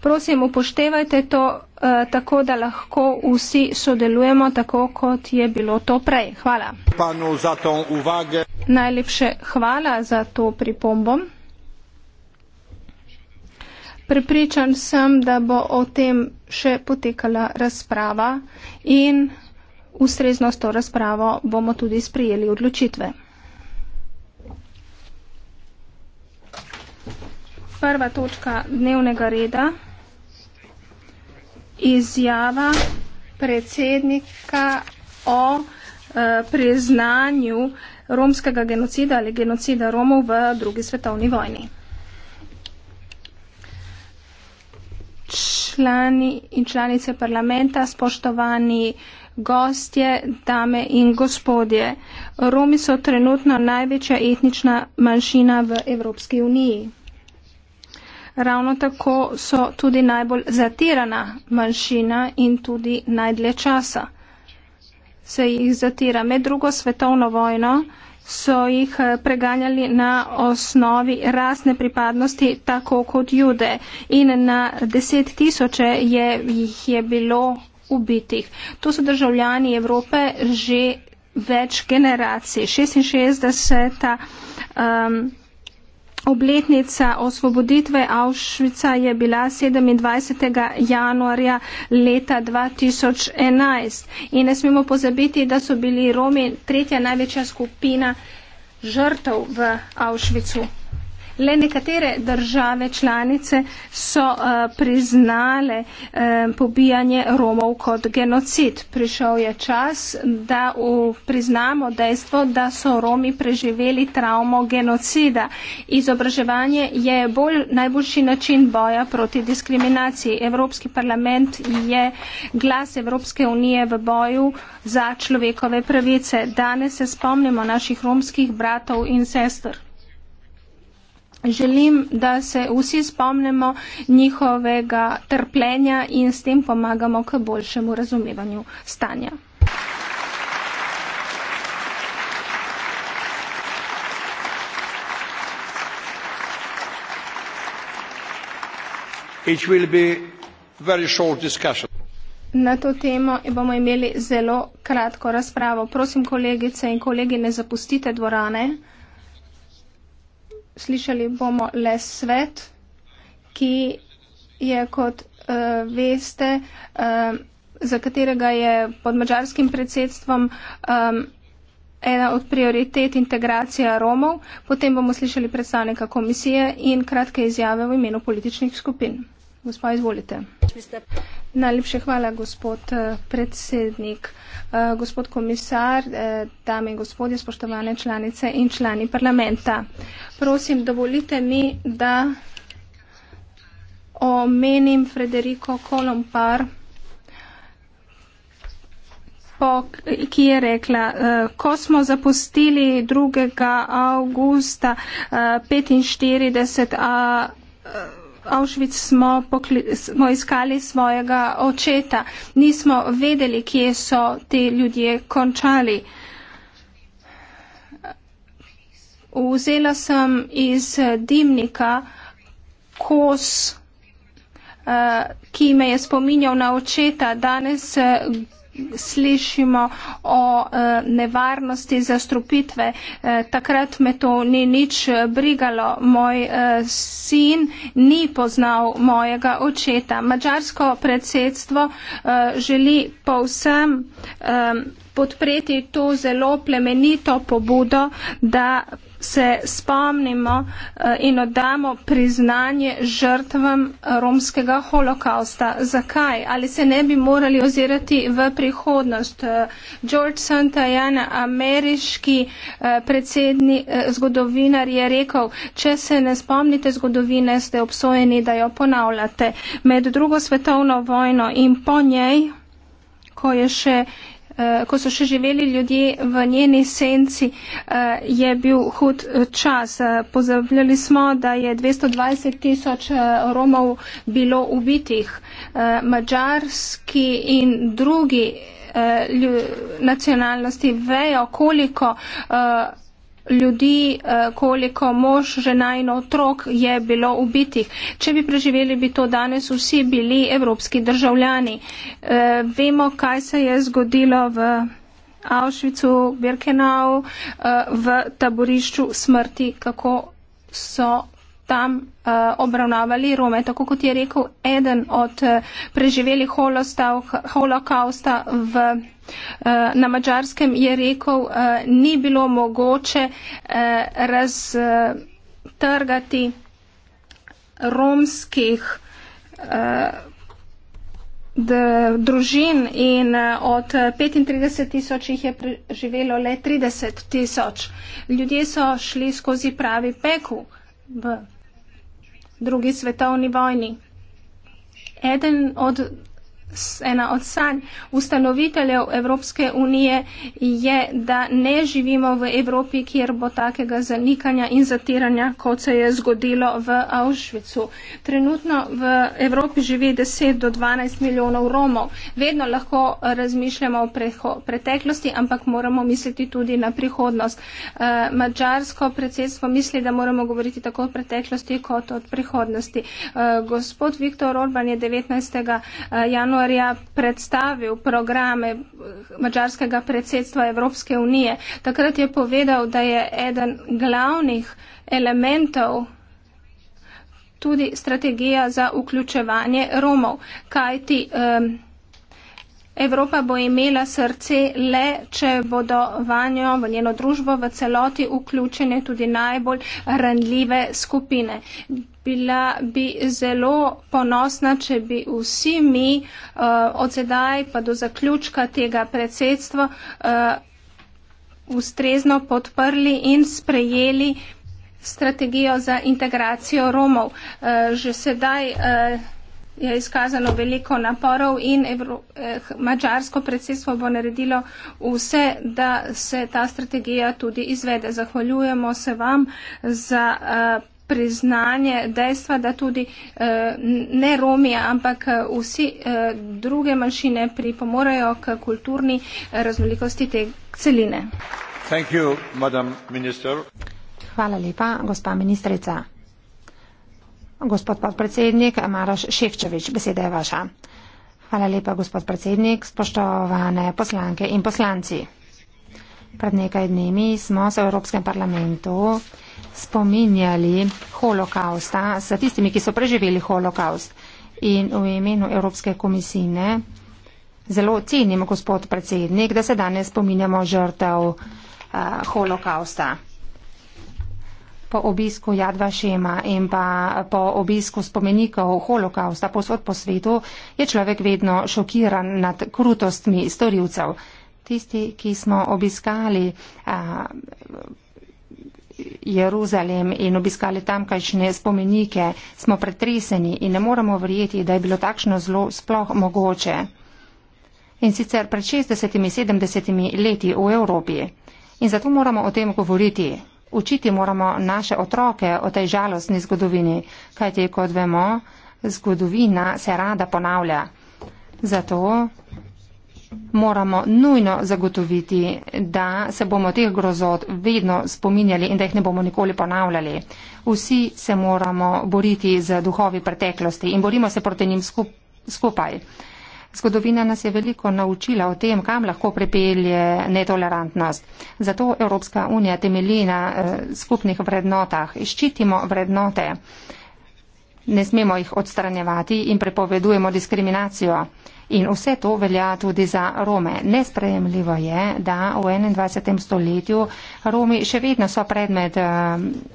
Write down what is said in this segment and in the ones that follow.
Prosim, upoštevajte to eh, tako, da lahko vsi sodelujemo tako, kot je bilo to prej. Hvala. Najlepše hvala za to pripombo. Prepričan sem, da bo o tem še potekala razprava in ustrezno s to razpravo bomo tudi sprijeli odločitve. prva točka dnevnega reda. Izjava predsednika o e, priznanju romskega genocida ali genocida Romov v drugi svetovni vojni. Člani in članice parlamenta, spoštovani gostje, dame in gospodje. Romi so trenutno največja etnična manjšina v Evropski uniji. Ravno tako so tudi najbolj zatirana manjšina in tudi najdlje časa. Se jih zatira med drugo svetovno vojno, so jih eh, preganjali na osnovi rasne pripadnosti, tako kot jude. In na deset tisoče je, jih je bilo ubitih. To so državljani Evrope že več generacij. 66. Um, ehm, Obletnica osvoboditve Auschwitza je bila 27. januarja leta 2011 in ne smemo pozabiti, da so bili Romi tretja največja skupina žrtev v Auschwitzu. Le nekatere države članice so uh, priznale uh, pobijanje Romov kot genocid. Prišel je čas, da priznamo dejstvo, da so Romi preživeli travmo genocida. Izobraževanje je bolj, najboljši način boja proti diskriminaciji. Evropski parlament je glas Evropske unije v boju za človekove pravice. Danes se spomnimo naših romskih bratov in sestr. Želim, da se vsi spomnimo njihovega trpljenja in s tem pomagamo k boljšemu razumevanju stanja. Na to temo bomo imeli zelo kratko razpravo. Prosim, kolegice in kolegi, ne zapustite dvorane slišali bomo le svet, ki je kot uh, veste, uh, za katerega je pod mačarskim predsedstvom um, ena od prioritet integracija Romov. Potem bomo slišali predstavnika komisije in kratke izjave v imenu političnih skupin. Gospod, izvolite. Najlepše hvala, gospod eh, predsednik, eh, gospod komisar, eh, dame in gospodje, spoštovane članice in člani parlamenta. Prosim, dovolite mi, da omenim Frederico Kolompar, ki je rekla, ko smo zapustili 2. avgusta 1945. Auschwitz smo, pokli, smo iskali svojega očeta. Nismo vedeli, kje so te ljudje končali. Vzela sem iz dimnika kos, eh, ki me je spominjal na očeta. Danes eh, slišimo o e, nevarnosti zastrupitve. E, takrat me to ni nič eh, brigalo. Moj e, sin ni poznal mojega očeta. Mađarsko predsedstvo e, želi povsem e, podpreti to zelo plemenito pobudo, da se spomnimo eh, in oddamo priznanje žrtvam eh, romskega holokausta. Zakaj? Ali se ne bi morali ozirati v prihodnost? Eh, George Santayana, ameriški predsedni zgodovinar, je rekel, če se ne spomnite zgodovine, ste obsojeni, da jo ponavljate. Med drugo svetovno vojno in po njej ko je še Eh, ko so še živeli ljudje v njeni senci, eh, je bil hud eh, čas. Pozabljali smo, da je 220 tisoč Romov bilo ubitih. Mačarski in drugi nacionalnosti vejo, koliko ljudi, eh, koliko mož, žena in otrok je bilo ubitih. Če bi preživeli, bi to danes vsi bili evropski državljani. Eh, vemo, kaj se je zgodilo v Auschwitzu, Birkenau, eh, v taborišču smrti, kako so tam uh, obravnavali Rome, tako kot je rekel eden od uh, preživeli holokausta v, uh, na mačarskem, je rekel, uh, ni bilo mogoče uh, raztrgati romskih. Uh, družin in od 35 tisoč jih je preživelo le 30 tisoč. Ljudje so šli skozi pravi peku v drugi svetovni vojni. Eden od ena od sanj ustanoviteljev Evropske unije je, da ne živimo v Evropi, kjer bo takega zanikanja in zatiranja, kot se je zgodilo v Auschwitzu. Trenutno v Evropi živi 10 do 12 milijonov Romov. Vedno lahko razmišljamo o preteklosti, ampak moramo misliti tudi na prihodnost. Eh, Mačarsko predsedstvo misli, da moramo govoriti tako o preteklosti kot o prihodnosti. Eh, gospod Viktor Orban je 19. Eh, januar januarja predstavil programe mačarskega predsedstva Evropske unije. Takrat je povedal, da je eden glavnih elementov tudi strategija za vključevanje Romov, kajti um, Evropa bo imela srce le, če bodo vanjo, v njeno družbo v celoti vključene tudi najbolj ranljive skupine. Bila bi zelo ponosna, če bi vsi mi uh, od sedaj pa do zaključka tega predsedstva uh, ustrezno podprli in sprejeli strategijo za integracijo Romov. Uh, že sedaj. Uh, je izkazano veliko naporov in Evro, eh, mađarsko predsedstvo bo naredilo vse, da se ta strategija tudi izvede. Zahvaljujemo se vam za eh, priznanje dejstva, da tudi eh, ne Romi, ampak eh, vsi eh, druge manjšine pripomorejo k kulturni raznolikosti te celine. You, Hvala lepa, gospa ministrica. Gospod podpredsednik Maroš Ševčevič, beseda je vaša. Hvala lepa, gospod predsednik, spoštovane poslanke in poslanci. Pred nekaj dnemi smo se v Evropskem parlamentu spominjali holokausta s tistimi, ki so preživeli holokaust. In v imenu Evropske komisije zelo cenim, gospod predsednik, da se danes spominjamo žrtev uh, eh, holokausta. Po obisku Jadva Šema in pa po obisku spomenikov holokausta posod po svetu je človek vedno šokiran nad krutostmi storilcev. Tisti, ki smo obiskali eh, Jeruzalem in obiskali tamkajšnje spomenike, smo pretreseni in ne moremo verjeti, da je bilo takšno zlo sploh mogoče. In sicer pred 60-70 leti v Evropi. In zato moramo o tem govoriti. Učiti moramo naše otroke o tej žalostni zgodovini, kajti, kot vemo, zgodovina se rada ponavlja. Zato moramo nujno zagotoviti, da se bomo teh grozot vedno spominjali in da jih ne bomo nikoli ponavljali. Vsi se moramo boriti z duhovi preteklosti in borimo se proti njim skupaj. Zgodovina nas je veliko naučila o tem, kam lahko prepelje netolerantnost. Zato Evropska unija temelji na eh, skupnih vrednotah. Ščitimo vrednote. Ne smemo jih odstranjevati in prepovedujemo diskriminacijo. In vse to velja tudi za Rome. Nesprejemljivo je, da v 21. stoletju Romi še vedno so predmet uh,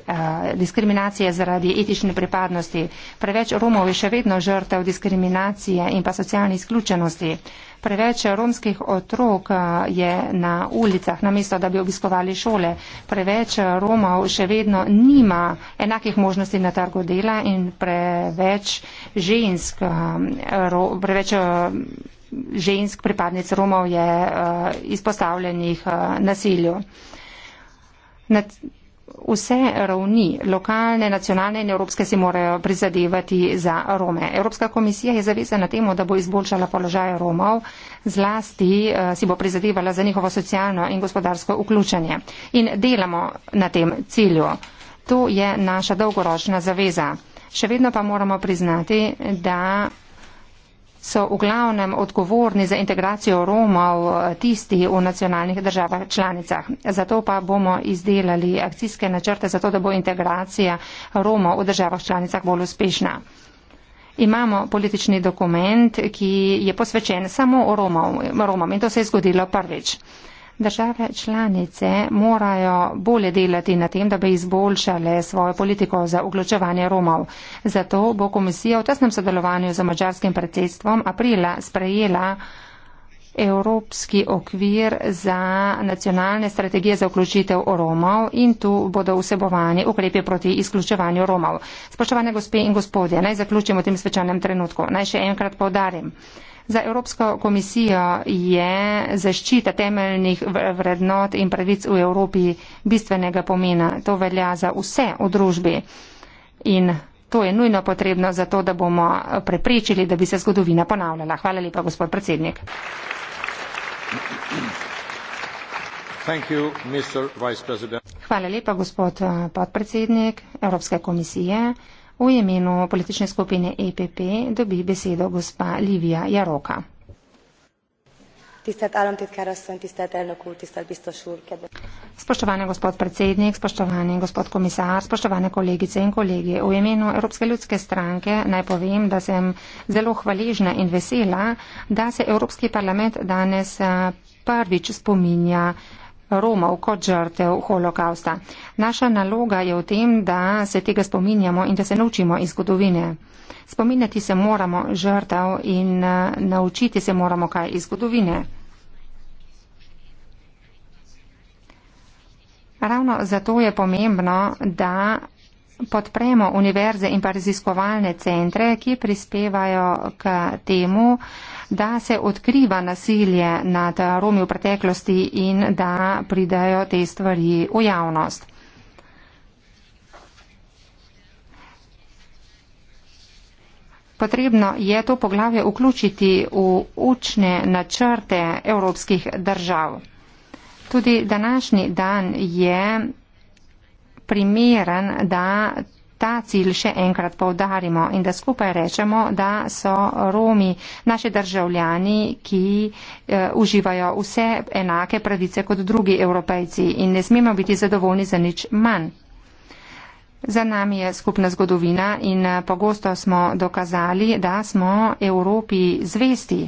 uh, diskriminacije zaradi etične pripadnosti. Preveč Romov je še vedno žrtev diskriminacije in pa socialne izključenosti. Preveč romskih otrok eh, je na ulicah, namesto da bi obiskovali šole. Preveč Romov še vedno nima enakih možnosti na trgu dela in preveč žensk, eh, ro, preveč eh, žensk pripadnic Romov je izpostavljenih nasilju. Na vse ravni, lokalne, nacionalne in evropske, si morajo prizadevati za Rome. Evropska komisija je zavezana temu, da bo izboljšala položaj Romov, zlasti eh, si bo prizadevala za njihovo socialno in gospodarsko vključenje. In delamo na tem cilju. To je naša dolgoročna zaveza. Še vedno pa moramo priznati, da so v glavnem odgovorni za integracijo Romov tistih v nacionalnih državah članicah. Zato pa bomo izdelali akcijske načrte, zato da bo integracija Romov v državah članicah bolj uspešna. Imamo politični dokument, ki je posvečen samo Romom in to se je zgodilo prvič. Države članice morajo bolje delati na tem, da bi izboljšale svojo politiko za vključevanje Romov. Zato bo komisija v tesnem sodelovanju z mačarskim predsedstvom aprila sprejela Evropski okvir za nacionalne strategije za vključitev Romov in tu bodo vsebovani ukrepe proti izključevanju Romov. Spoštovane gospe in gospodje, naj zaključim v tem svečanem trenutku. Naj še enkrat povdarim. Za Evropsko komisijo je zaščita temeljnih vrednot in pravic v Evropi bistvenega pomena. To velja za vse v družbi. In To je nujno potrebno za to, da bomo preprečili, da bi se zgodovina ponavljala. Hvala lepa, gospod predsednik. You, Hvala lepa, gospod eh, podpredsednik Evropske komisije. V imenu politične skupine EPP dobi besedo gospa Livija Jaroka. Spoštovani gospod predsednik, spoštovani gospod komisar, spoštovane kolegice in kolegi, v imenu Evropske ljudske stranke naj povem, da sem zelo hvaležna in vesela, da se Evropski parlament danes eh, prvič spominja Romov kot žrtev holokausta. Naša naloga je v tem, da se tega spominjamo in da se naučimo iz zgodovine. Spominjati se moramo žrtev in eh, naučiti se moramo kaj iz zgodovine. Ravno zato je pomembno, da podpremo univerze in pa raziskovalne centre, ki prispevajo k temu, da se odkriva nasilje nad Romi v preteklosti in da pridajo te stvari v javnost. Potrebno je to poglavje vključiti v učne načrte evropskih držav. Tudi današnji dan je primeren, da ta cilj še enkrat povdarimo in da skupaj rečemo, da so Romi naši državljani, ki e, uživajo vse enake pravice kot drugi evropejci in ne smemo biti zadovoljni za nič manj. Za nami je skupna zgodovina in eh, pogosto smo dokazali, da smo Evropi zvesti.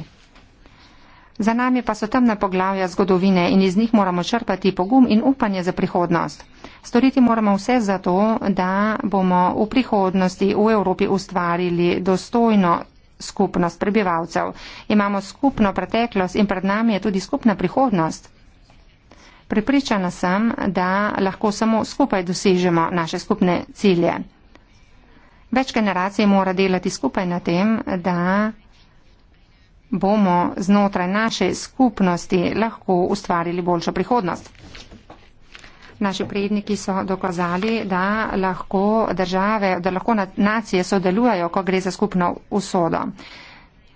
Za nami pa so temne poglavja zgodovine in iz njih moramo črpati pogum in upanje za prihodnost. Storiti moramo vse za to, da bomo v prihodnosti v Evropi ustvarili dostojno skupnost prebivalcev. Imamo skupno preteklost in pred nami je tudi skupna prihodnost. Pripričana sem, da lahko samo skupaj dosežemo naše skupne cilje. Več generacij mora delati skupaj na tem, da bomo znotraj naše skupnosti lahko ustvarili boljšo prihodnost. Naši predniki so dokazali, da lahko države, da lahko nacije sodelujajo, ko gre za skupno usodo.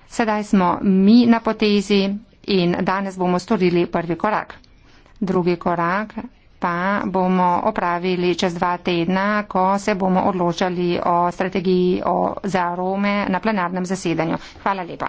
Sedaj smo mi na potezi in danes bomo storili prvi korak. Drugi korak pa bomo opravili čez dva tedna, ko se bomo odločali o strategiji o, za Rome na plenarnem zasedanju. Hvala lepa.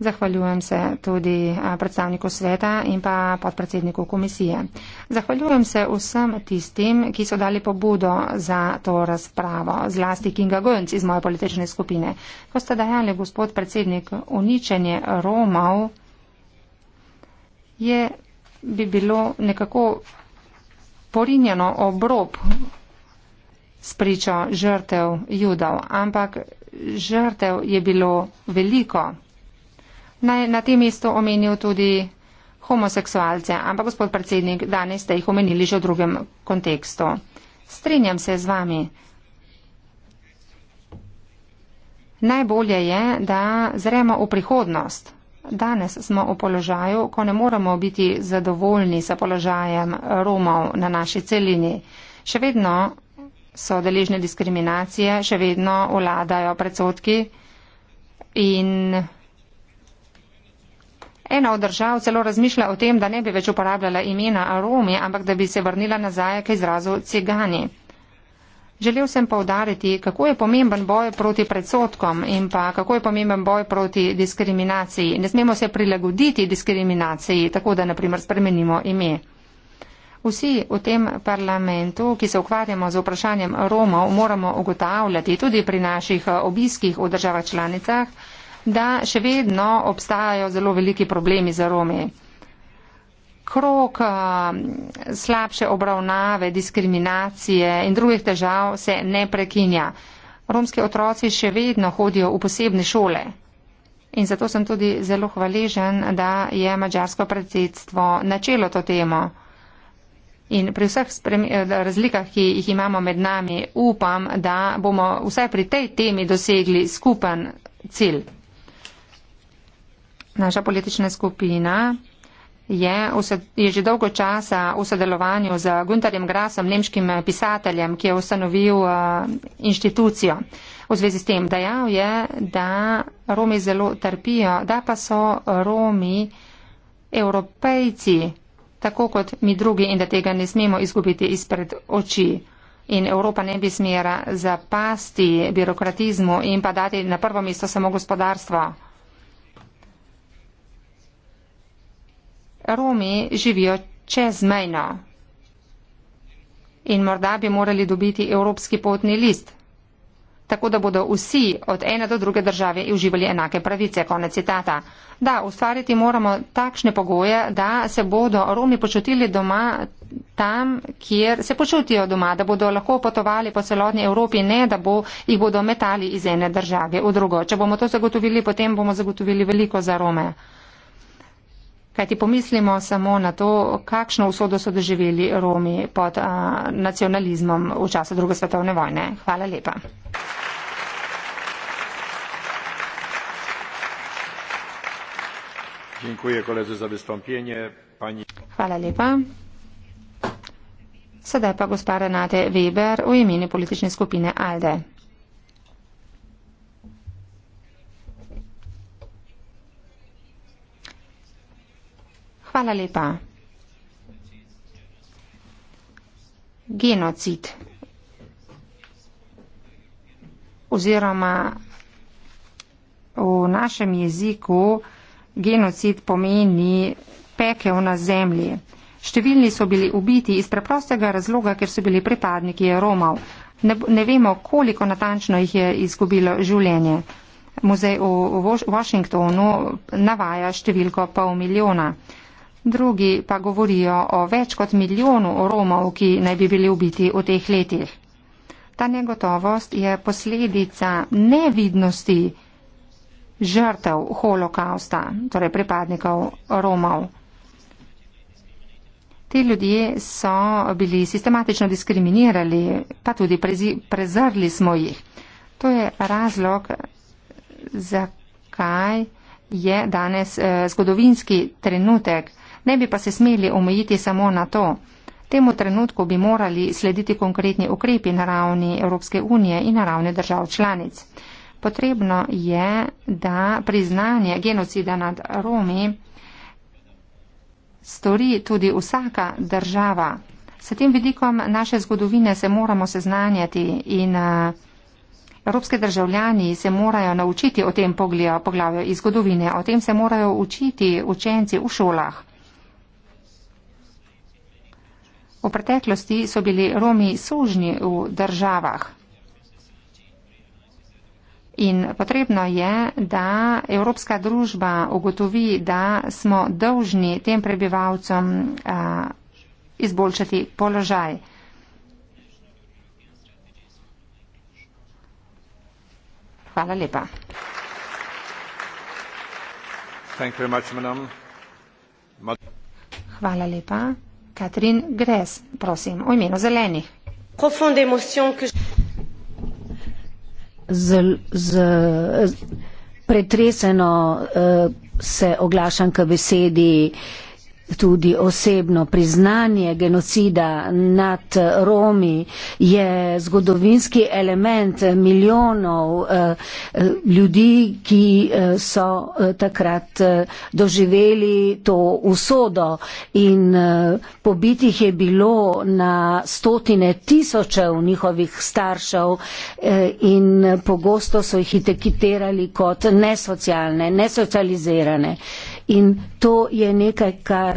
Zahvaljujem se tudi predstavniku sveta in pa podpredsedniku komisije. Zahvaljujem se vsem tistim, ki so dali pobudo za to razpravo, zlasti Kinga Gönc iz moje politične skupine. Ko ste dajali, gospod predsednik, uničenje Romov, je bi bilo nekako porinjeno obrob spričo žrtev judov, ampak žrtev je bilo veliko naj na tem mestu omenil tudi homoseksualce, ampak gospod predsednik, danes ste jih omenili že v drugem kontekstu. Strinjam se z vami. Najbolje je, da zremo v prihodnost. Danes smo v položaju, ko ne moremo biti zadovoljni sa položajem Romov na naši celini. Še vedno so deležne diskriminacije, še vedno vladajo predsotki in Ena od držav celo razmišlja o tem, da ne bi več uporabljala imena Romi, ampak da bi se vrnila nazaj k izrazu cigani. Želel sem povdariti, kako je pomemben boj proti predsotkom in pa kako je pomemben boj proti diskriminaciji. Ne smemo se prilagoditi diskriminaciji, tako da naprimer spremenimo ime. Vsi v tem parlamentu, ki se ukvarjamo z vprašanjem Romov, moramo ugotavljati tudi pri naših obiskih v državah članicah, da še vedno obstajajo zelo veliki problemi za Romi. Krok uh, eh, slabše obravnave, diskriminacije in drugih težav se ne prekinja. Romski otroci še vedno hodijo v posebne šole. In zato sem tudi zelo hvaležen, da je mađarsko predsedstvo načelo to temo. In pri vseh eh, razlikah, ki jih imamo med nami, upam, da bomo vsaj pri tej temi dosegli skupen cilj. Naša politična skupina je, je že dolgo časa v sodelovanju z Gunterjem Grasom, nemškim pisateljem, ki je ustanovil eh, inštitucijo. V zvezi s tem dejal je, da Romi zelo trpijo, da pa so Romi evropejci, tako kot mi drugi in da tega ne smemo izgubiti izpred oči. In Evropa ne bi smela zapasti birokratizmu in pa dati na prvo mesto samo gospodarstvo. Romi živijo čezmejno. In morda bi morali dobiti evropski potni list, tako da bodo vsi od ene do druge države uživali enake pravice. Konec citata. Da, ustvariti moramo takšne pogoje, da se bodo Romi počutili doma tam, kjer se počutijo doma, da bodo lahko potovali po celotni Evropi, ne da bo, jih bodo metali iz ene države v drugo. Če bomo to zagotovili, potem bomo zagotovili veliko za Rome. Kajti pomislimo samo na to, kakšno usodo so doživeli Romi pod a, nacionalizmom v času druge svetovne vojne. Hvala lepa. Hvala lepa. Sedaj pa gospa Renate Weber v imenu politične skupine ALDE. Hvala lepa. Genocid oziroma v našem jeziku genocid pomeni pekel na zemlji. Številni so bili ubiti iz preprostega razloga, ker so bili pripadniki Romov. Ne, ne vemo, koliko natančno jih je izgubilo življenje. Muzej v Washingtonu navaja številko pol milijona drugi pa govorijo o več kot milijonu Romov, ki naj bi bili ubiti v teh letih. Ta negotovost je posledica nevidnosti žrtev holokausta, torej pripadnikov Romov. Ti ljudje so bili sistematično diskriminirali, pa tudi prezrli smo jih. To je razlog, zakaj je danes eh, zgodovinski trenutek ne bi pa se smeli omejiti samo na to. Temu trenutku bi morali slediti konkretni ukrepi na ravni Evropske unije in na ravni držav članic. Potrebno je, da priznanje genocida nad Romi stori tudi vsaka država. S tem vidikom naše zgodovine se moramo seznanjati in eh, evropske državljani se morajo naučiti o tem poglavju iz zgodovine, o tem se morajo učiti učenci v šolah. V preteklosti so bili Romi sužni v državah. In potrebno je, da evropska družba ugotovi, da smo dolžni tem prebivalcem a, izboljšati položaj. Hvala lepa. Hvala lepa. Catherine Gress, prosim, o imenu zelenih. Z, z pretreseno uh, se oglašam k besedi uh, Tudi osebno priznanje genocida nad Romi je zgodovinski element milijonov eh, eh ljudi, ki eh, so eh, takrat doživeli to usodo in eh, pobitih je bilo na stotine tisočev njihovih staršev eh, in pogosto so jih etiketirali kot nesocialne, nesocializirane. Eh, in to je nekaj, kar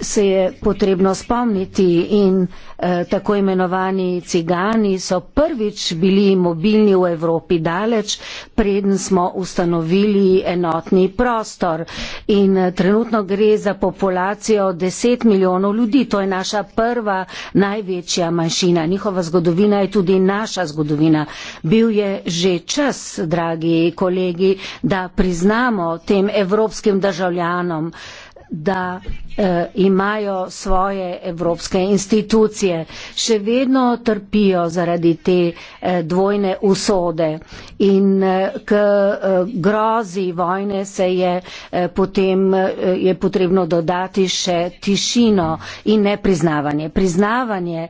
se je potrebno spomniti in eh, tako imenovani cigani so prvič bili mobilni v Evropi daleč, preden smo ustanovili enotni prostor in eh, trenutno gre za populacijo 10 milijonov ljudi. To je naša prva največja manjšina. Njihova zgodovina je tudi naša zgodovina. Bil je že čas, dragi kolegi, da priznamo tem evropskim državljanom, eh, da eh, imajo svoje evropske institucije. Še vedno trpijo zaradi te eh, dvojne usode in eh, k eh, grozi vojne se je eh, potem eh, je potrebno dodati še tišino in nepriznavanje. Priznavanje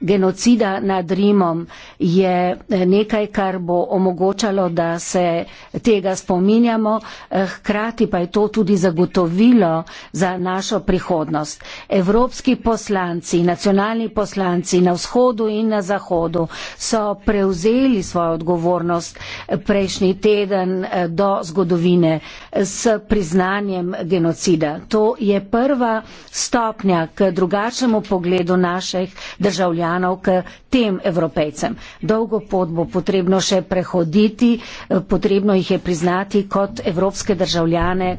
genocida nad Rimom je eh, nekaj, kar bo omogočalo, da se tega spominjamo, eh, hkrati pa je to tudi zagotovilo, za našo prihodnost. Evropski poslanci, nacionalni poslanci na vzhodu in na zahodu so prevzeli svojo odgovornost prejšnji teden eh, do zgodovine s priznanjem genocida. To je prva stopnja k drugačnemu pogledu naših državljanov, k tem evropejcem. Dolgo pot bo potrebno še prehoditi, eh, potrebno jih je priznati kot evropske državljane,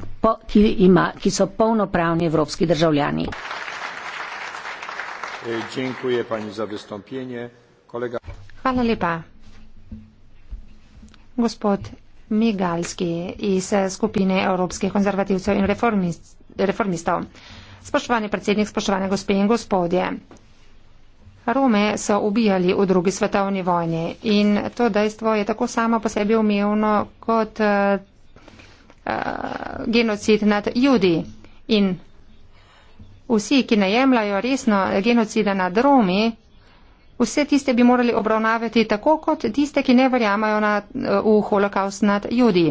ki, ima, ki so polni polnopravni evropski državljani. E, Hvala lepa. Gospod Migalski iz skupine Evropskih konzervativcev in reformistov. Spoštovani predsednik, spoštovane gospe in gospodje. Rome so ubijali v drugi svetovni vojni in to dejstvo je tako samo po sebi umevno kot uh, uh, genocid nad judi. In vsi, ki ne jemljajo resno genocida nad Romi, vse tiste bi morali obravnavati tako kot tiste, ki ne verjamajo na, v holokaust nad judi.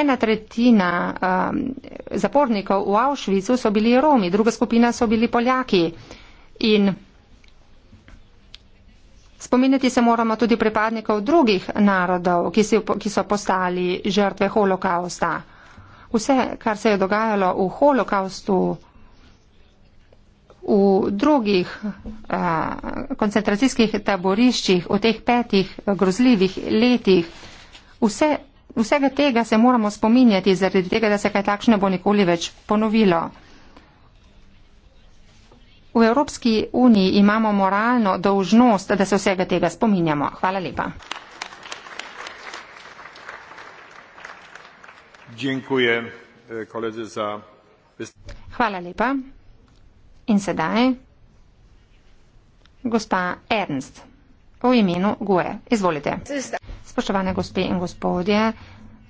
Ena tretjina um, zapornikov v Auschwitzu so bili Romi, druga skupina so bili Poljaki. In spominjati se moramo tudi pripadnikov drugih narodov, ki, si, ki so postali žrtve holokausta vse, kar se je dogajalo v holokaustu, v drugih a, eh, koncentracijskih taboriščih, v teh petih grozljivih letih, vse, vsega tega se moramo spominjati, zaradi tega, da se kaj takšne bo nikoli več ponovilo. V Evropski uniji imamo moralno dolžnost, da se vsega tega spominjamo. Hvala lepa. dziękuję e, koledze za Hvala lepa. In sedaj gospa Ernst v imenu GUE. Izvolite. Spoštovane gospe in gospodje,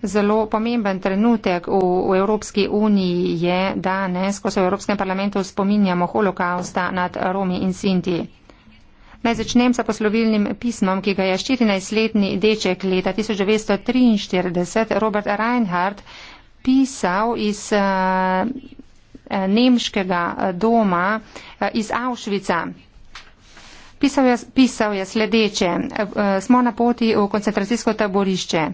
zelo pomemben trenutek v, v Evropski uniji je danes, ko se v Evropskem parlamentu spominjamo holokausta nad Romi in Sinti. Naj začnem sa poslovilnim pismom, ki ga je 14-letni deček leta 1943 Robert Reinhardt pisal iz uh, nemškega eh, doma uh, iz Auschwitza. Pisal je, pisal je sledeče, uh, smo na poti v koncentracijsko taborišče.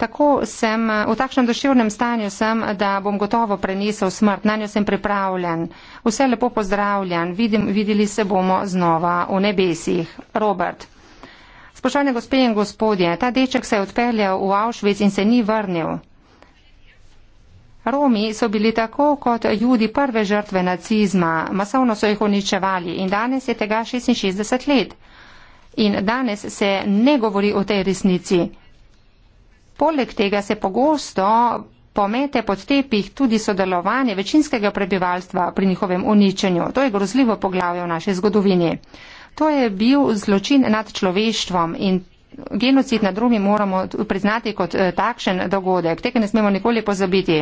Tako sem, v takšnem duševnem stanju sem, da bom gotovo prenesel smrt, na njo sem pripravljen. Vse lepo pozdravljen, Vidim, videli se bomo znova v nebesih. Robert. Spoštovane gospe in gospodje, ta deček se je odpeljal v Auschwitz in se ni vrnil. Romi so bili tako kot judi prve žrtve nacizma, masovno so jih uničevali in danes je tega 66 let. In danes se ne govori o tej resnici. Poleg tega se pogosto pomete pod tepih tudi sodelovanje večinskega prebivalstva pri njihovem uničenju. To je grozljivo poglavje v naši zgodovini. To je bil zločin nad človeštvom in genocid nad drugim moramo priznati kot eh, takšen dogodek. Tega ne smemo nikoli pozabiti.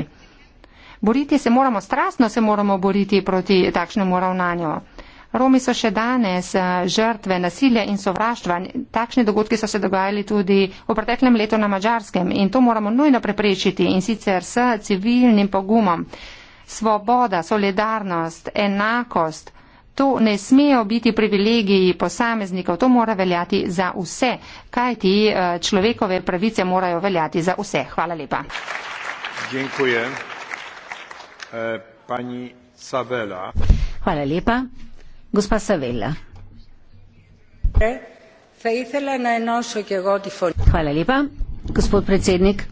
Boriti se moramo, strastno se moramo boriti proti takšnemu ravnanju. Romi so še danes eh, žrtve nasilja in sovraštva. Takšni dogodki so se dogajali tudi v preteklem letu na Mačarskem in to moramo nujno preprečiti in sicer s civilnim pogumom. Svoboda, solidarnost, enakost, to ne smejo biti privilegiji posameznikov, to mora veljati za vse, kaj ti eh, človekove pravice morajo veljati za vse. Hvala lepa. Dziękuję. E, pani Savela. Hvala lepa. Gospa Savela. Hvala lepa, gospod predsednik.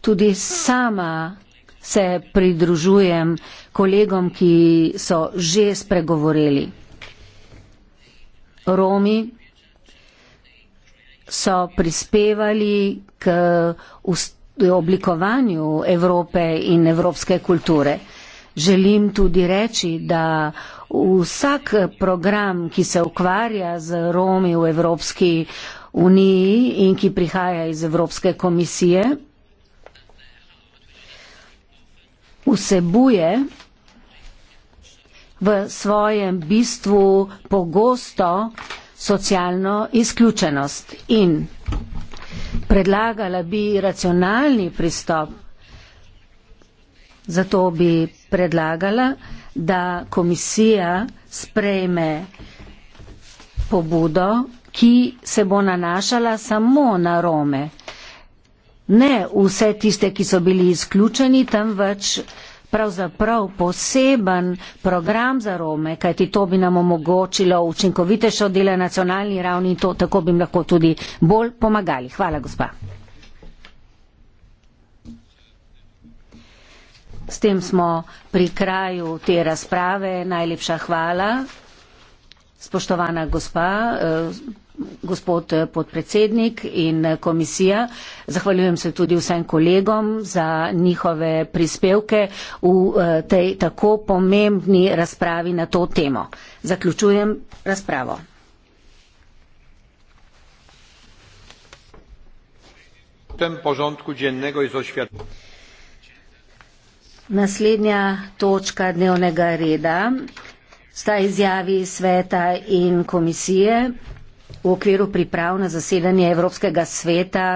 Tudi sama se pridružujem kolegom, ki so že spregovorili. Romi so prispevali k oblikovanju Evrope in evropske kulture. Želim tudi reči, da vsak program, ki se ukvarja z Romi v Evropski uniji in ki prihaja iz Evropske komisije, vsebuje v svojem bistvu pogosto socialno izključenost in predlagala bi racionalni pristop Zato bi predlagala, da komisija sprejme pobudo, ki se bo nanašala samo na Rome. Ne vse tiste, ki so bili izključeni, temveč pravzaprav poseben program za Rome, kajti to bi nam omogočilo učinkovitejšo delo na nacionalni ravni in to tako bi jim lahko tudi bolj pomagali. Hvala, gospa. S tem smo pri kraju te razprave. Najlepša hvala, spoštovana gospa, eh, gospod eh, podpredsednik in eh, komisija. Zahvaljujem se tudi vsem kolegom za njihove prispevke v tej tako pomembni razpravi na to temo. Zaključujem razpravo. V tem požontku dnevnega izosvjetljenja. Naslednja točka dnevnega reda sta izjavi sveta in komisije v okviru priprav na zasedanje Evropskega sveta.